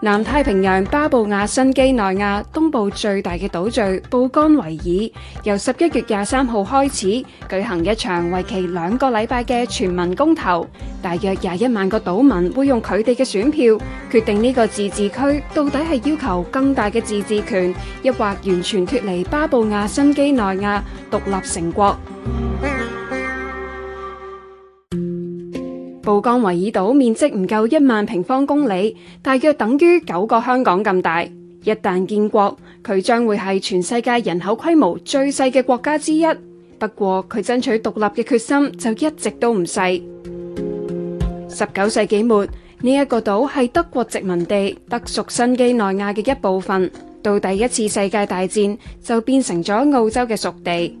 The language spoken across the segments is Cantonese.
南太平洋巴布亞新畿內亞東部最大嘅島嶼布干維爾，由十一月廿三號開始舉行一場為期兩個禮拜嘅全民公投，大約廿一萬個島民會用佢哋嘅選票決定呢個自治區到底係要求更大嘅自治權，抑或完全脫離巴布亞新畿內亞獨立成國。布干維爾島面積唔夠一萬平方公里，大約等於九個香港咁大。一旦建國，佢將會係全世界人口規模最細嘅國家之一。不過佢爭取獨立嘅決心就一直都唔細。十九世紀末，呢一個島係德國殖民地德屬新幾內亞嘅一部分。到第一次世界大戰就變成咗澳洲嘅屬地。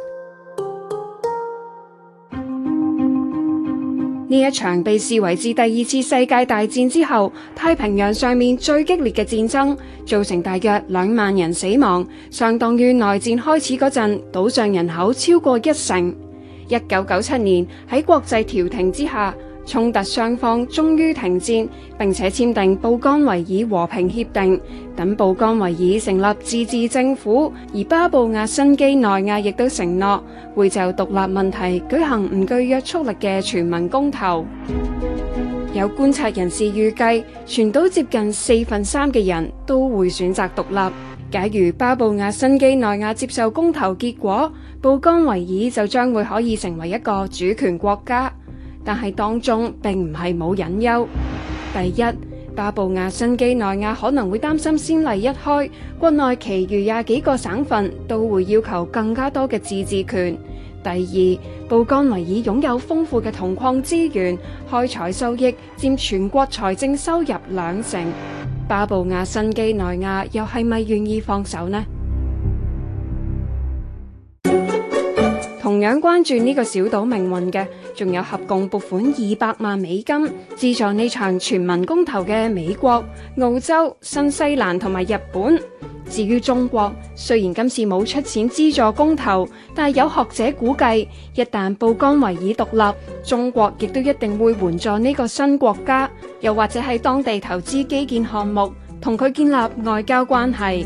呢一場被視為自第二次世界大戰之後太平洋上面最激烈嘅戰爭，造成大約兩萬人死亡，相當於內戰開始嗰陣，島上人口超過一成。一九九七年喺國際調停之下，衝突雙方終於停戰，並且簽訂布干維爾和平協定。等布干維爾成立自治政府，而巴布亞新畿內亞亦都承諾會就獨立問題舉行唔具約束力嘅全民公投。有觀察人士預計，全島接近四分三嘅人都會選擇獨立。假如巴布亞新畿內亞接受公投結果，布干維爾就將會可以成為一個主權國家。但係當中並唔係冇隱憂。第一，巴布亞新幾內亞可能會擔心先例一開，國內其餘廿幾個省份都會要求更加多嘅自治權。第二，布干維爾擁有豐富嘅銅礦資源，開採收益佔全國財政收入兩成。巴布亞新幾內亞又係咪願意放手呢？同樣關注呢個小島命運嘅，仲有合共撥款二百萬美金資助呢場全民公投嘅美國、澳洲、新西蘭同埋日本。至於中國，雖然今次冇出錢資助公投，但係有學者估計，一旦布干維爾獨立，中國亦都一定會援助呢個新國家，又或者喺當地投資基建項目，同佢建立外交關係。